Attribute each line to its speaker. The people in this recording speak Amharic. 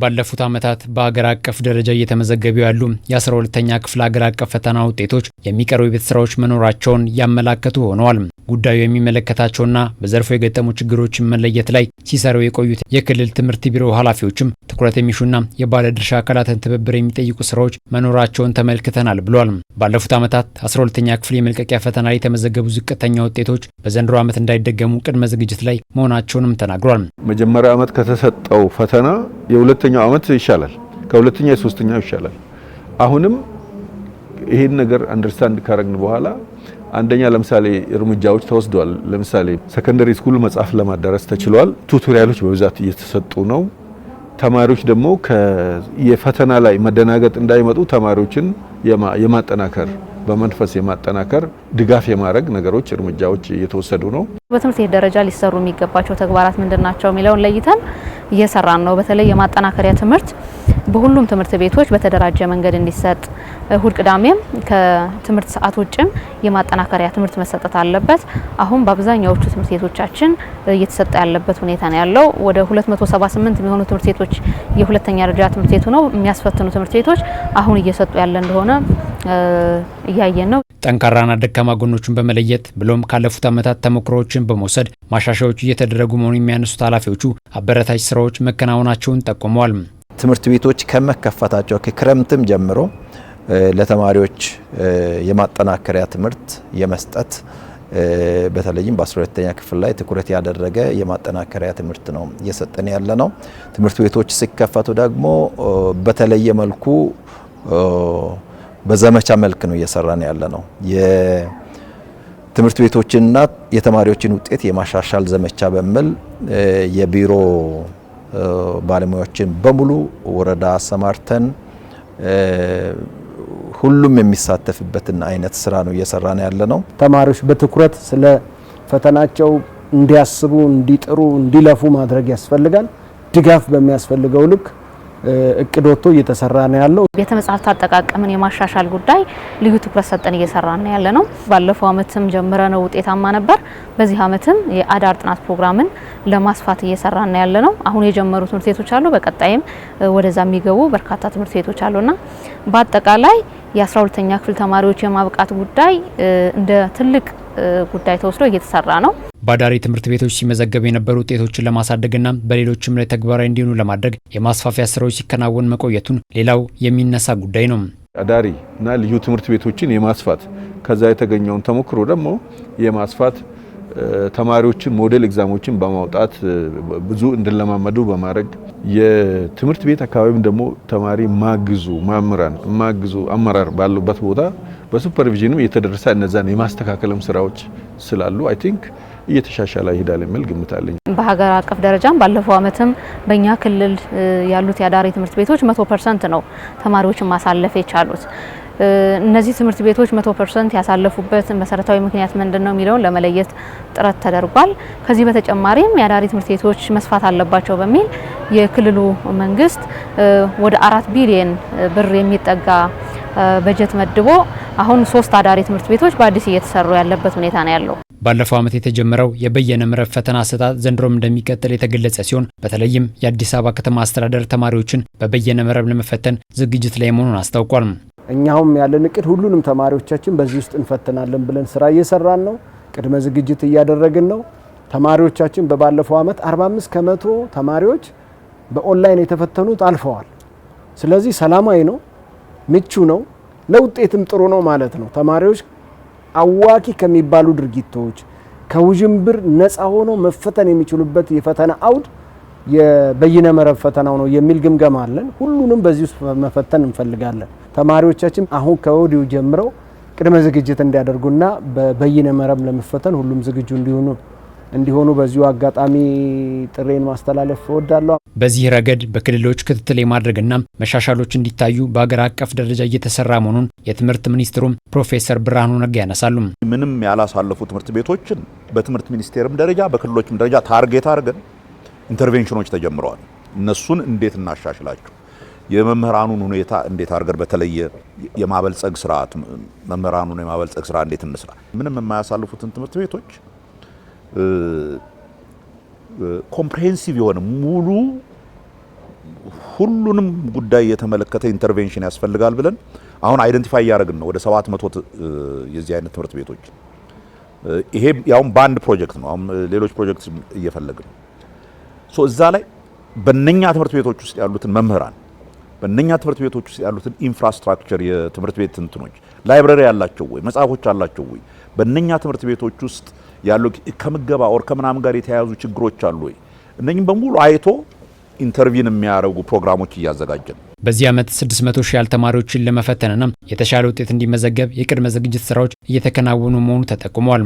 Speaker 1: ባለፉት ዓመታት በሀገር አቀፍ ደረጃ እየተመዘገቡ ያሉ የ12ተኛ ክፍል ሀገር አቀፍ ፈተና ውጤቶች የሚቀሩ የቤት ስራዎች መኖራቸውን ያመላከቱ ሆነዋል። ጉዳዩ የሚመለከታቸውና በዘርፉ የገጠሙ ችግሮችን መለየት ላይ ሲሰሩ የቆዩት የክልል ትምህርት ቢሮ ኃላፊዎችም ትኩረት የሚሹና የባለድርሻ አካላትን ትብብር የሚጠይቁ ስራዎች መኖራቸውን ተመልክተናል ብሏል። ባለፉት ዓመታት 12 ተኛ ክፍል የመልቀቂያ ፈተና ላይ የተመዘገቡ ዝቅተኛ ውጤቶች በዘንድሮ ዓመት እንዳይደገሙ ቅድመ ዝግጅት ላይ መሆናቸውንም ተናግሯል።
Speaker 2: መጀመሪያው ዓመት ከተሰጠው ፈተና የሁለተኛው ዓመት ይሻላል፣ ከሁለተኛ የሶስተኛው ይሻላል። አሁንም ይህን ነገር አንደርስታንድ ካረግን በኋላ አንደኛ ለምሳሌ እርምጃዎች ተወስደዋል። ለምሳሌ ሰከንደሪ ስኩል መጽሐፍ ለማዳረስ ተችሏል። ቱቶሪያሎች በብዛት እየተሰጡ ነው። ተማሪዎች ደግሞ የፈተና ላይ መደናገጥ እንዳይመጡ ተማሪዎችን የማጠናከር በመንፈስ የማጠናከር ድጋፍ የማድረግ ነገሮች እርምጃዎች እየተወሰዱ ነው።
Speaker 3: በትምህርት ቤት ደረጃ ሊሰሩ የሚገባቸው ተግባራት ምንድን ናቸው የሚለውን ለይተን እየሰራን ነው። በተለይ የማጠናከሪያ ትምህርት በሁሉም ትምህርት ቤቶች በተደራጀ መንገድ እንዲሰጥ፣ እሁድ ቅዳሜም ከትምህርት ሰዓት ውጭም የማጠናከሪያ ትምህርት መሰጠት አለበት። አሁን በአብዛኛዎቹ ትምህርት ቤቶቻችን እየተሰጠ ያለበት ሁኔታ ነው ያለው። ወደ 278 የሚሆኑ ትምህርት ቤቶች የሁለተኛ ደረጃ ትምህርት ቤቱ ነው የሚያስፈትኑ ትምህርት ቤቶች አሁን እየሰጡ ያለ እንደሆነ እያየን ነው።
Speaker 1: ጠንካራና ደካማ ጎኖቹን በመለየት ብሎም ካለፉት ዓመታት ተሞክሮዎችን በመውሰድ ማሻሻያዎች እየተደረጉ መሆኑን የሚያነሱት ኃላፊዎቹ አበረታች ስራዎች መከናወናቸውን ጠቁመዋል።
Speaker 2: ትምህርት ቤቶች ከመከፈታቸው ከክረምትም ጀምሮ ለተማሪዎች የማጠናከሪያ ትምህርት የመስጠት በተለይም በ12ተኛ ክፍል ላይ ትኩረት ያደረገ የማጠናከሪያ ትምህርት ነው እየሰጠን ያለ ነው። ትምህርት ቤቶች ሲከፈቱ ደግሞ በተለየ መልኩ በዘመቻ መልክ ነው እየሰራን ያለ ነው። የትምህርት ቤቶችንና የተማሪዎችን ውጤት የማሻሻል ዘመቻ በሚል የቢሮ ባለሙያዎችን በሙሉ ወረዳ አሰማርተን ሁሉም የሚሳተፍበትን አይነት ስራ ነው እየሰራን ያለ ነው።
Speaker 4: ተማሪዎች በትኩረት ስለ ፈተናቸው እንዲያስቡ፣ እንዲጥሩ፣ እንዲለፉ ማድረግ ያስፈልጋል። ድጋፍ በሚያስፈልገው ልክ እቅድ ወጥቶ እየተሰራ ነው ያለው።
Speaker 3: ቤተ መጽሐፍት አጠቃቀምን የማሻሻል ጉዳይ ልዩ ትኩረት ሰጠን እየሰራ ነው ያለ ነው። ባለፈው ዓመትም ጀምረ ነው ውጤታማ ነበር። በዚህ ዓመትም የአዳር ጥናት ፕሮግራምን ለማስፋት እየሰራ ነው ያለ ነው። አሁን የጀመሩ ትምህርት ቤቶች አሉ። በቀጣይም ወደዛ የሚገቡ በርካታ ትምህርት ቤቶች አሉና በአጠቃላይ የ12ኛ ክፍል ተማሪዎች የማብቃት ጉዳይ እንደ ትልቅ ጉዳይ ተወስዶ እየተሰራ ነው።
Speaker 1: ባዳሪ ትምህርት ቤቶች ሲመዘገብ የነበሩ ውጤቶችን ለማሳደግና በሌሎችም ላይ ተግባራዊ እንዲሆኑ ለማድረግ የማስፋፊያ ስራዎች ሲከናወን መቆየቱን ሌላው የሚነሳ ጉዳይ ነው።
Speaker 2: አዳሪ እና ልዩ ትምህርት ቤቶችን የማስፋት ከዛ የተገኘውን ተሞክሮ ደግሞ የማስፋት ተማሪዎችን ሞዴል ኤግዛሞችን በማውጣት ብዙ እንዲለማመዱ በማድረግ የትምህርት ቤት አካባቢም ደግሞ ተማሪ ማግዙ ማምራን ማግዙ አመራር ባሉበት ቦታ በሱፐርቪዥንም የተደረሰ እነዛን የማስተካከልም ስራዎች ስላሉ አይ ቲንክ እየተሻሻለ ይሄዳል የሚል ግምት አለኝ።
Speaker 3: በሀገር አቀፍ ደረጃም ባለፈው ዓመትም በእኛ ክልል ያሉት የአዳሪ ትምህርት ቤቶች መቶ ፐርሰንት ነው ተማሪዎችን ማሳለፍ የቻሉት። እነዚህ ትምህርት ቤቶች መቶ ፐርሰንት ያሳለፉበት መሰረታዊ ምክንያት ምንድን ነው የሚለውን ለመለየት ጥረት ተደርጓል። ከዚህ በተጨማሪም የአዳሪ ትምህርት ቤቶች መስፋት አለባቸው በሚል የክልሉ መንግስት ወደ አራት ቢሊየን ብር የሚጠጋ በጀት መድቦ አሁን ሶስት አዳሪ ትምህርት ቤቶች በአዲስ እየተሰሩ ያለበት ሁኔታ ነው ያለው።
Speaker 1: ባለፈው ዓመት የተጀመረው የበየነ መረብ ፈተና አሰጣጥ ዘንድሮም እንደሚቀጥል የተገለጸ ሲሆን በተለይም የአዲስ አበባ ከተማ አስተዳደር ተማሪዎችን በበየነ መረብ ለመፈተን ዝግጅት ላይ መሆኑን አስታውቋል።
Speaker 4: እኛውም ያለን እቅድ ሁሉንም ተማሪዎቻችን በዚህ ውስጥ እንፈትናለን ብለን ስራ እየሰራን ነው። ቅድመ ዝግጅት እያደረግን ነው። ተማሪዎቻችን በባለፈው ዓመት 45 ከመቶ ተማሪዎች በኦንላይን የተፈተኑት አልፈዋል። ስለዚህ ሰላማዊ ነው፣ ምቹ ነው፣ ለውጤትም ጥሩ ነው ማለት ነው። ተማሪዎች አዋኪ ከሚባሉ ድርጊቶች ከውዥንብር ነፃ ሆኖ መፈተን የሚችሉበት የፈተና አውድ የበይነ መረብ ፈተናው ነው የሚል ግምገማ አለን። ሁሉንም በዚህ ውስጥ መፈተን እንፈልጋለን። ተማሪዎቻችን አሁን ከወዲሁ ጀምረው ቅድመ ዝግጅት እንዲያደርጉና በበይነ መረብ ለመፈተን ሁሉም ዝግጁ እንዲሆኑ እንዲሆኑ በዚሁ አጋጣሚ ጥሬን ማስተላለፍ እወዳለሁ።
Speaker 1: በዚህ ረገድ በክልሎች ክትትል የማድረግና መሻሻሎች እንዲታዩ በሀገር አቀፍ ደረጃ እየተሰራ መሆኑን የትምህርት ሚኒስትሩም ፕሮፌሰር ብርሃኑ ነጋ ያነሳሉ።
Speaker 5: ምንም ያላሳለፉ ትምህርት ቤቶችን በትምህርት ሚኒስቴርም ደረጃ በክልሎችም ደረጃ ታርጌት አድርገን ኢንተርቬንሽኖች ተጀምረዋል። እነሱን እንዴት እናሻሽላቸው፣ የመምህራኑን ሁኔታ እንዴት አድርገን በተለየ የማበልጸግ ስርዓት መምህራኑን የማበልጸግ ስራ እንዴት እንስራ፣ ምንም የማያሳልፉትን ትምህርት ቤቶች ኮምፕሬሄንሲቭ የሆነ ሙሉ ሁሉንም ጉዳይ የተመለከተ ኢንተርቬንሽን ያስፈልጋል ብለን አሁን አይደንቲፋይ እያደረግን ነው ወደ ሰባት መቶ የዚህ አይነት ትምህርት ቤቶች ይሄ ያውም በአንድ ፕሮጀክት ነው። አሁን ሌሎች ፕሮጀክት እየፈለግን ሶ እዛ ላይ በእነኛ ትምህርት ቤቶች ውስጥ ያሉትን መምህራን በእነኛ ትምህርት ቤቶች ውስጥ ያሉትን ኢንፍራስትራክቸር የትምህርት ቤት እንትኖች ላይብረሪ ያላቸው ወይ መጽሐፎች አላቸው ወይ በእነኛ ትምህርት ቤቶች ውስጥ ያሉ ከምገባ ኦር ከምናምን ጋር የተያያዙ ችግሮች አሉ ወይ? እነኝም በሙሉ አይቶ ኢንተርቪን የሚያደርጉ ፕሮግራሞች እያዘጋጀን
Speaker 1: በዚህ ዓመት 600 ሺህ ያህል ተማሪዎችን ለመፈተንና የተሻለ ውጤት እንዲመዘገብ የቅድመ ዝግጅት ስራዎች እየተከናወኑ መሆኑ ተጠቁሟል።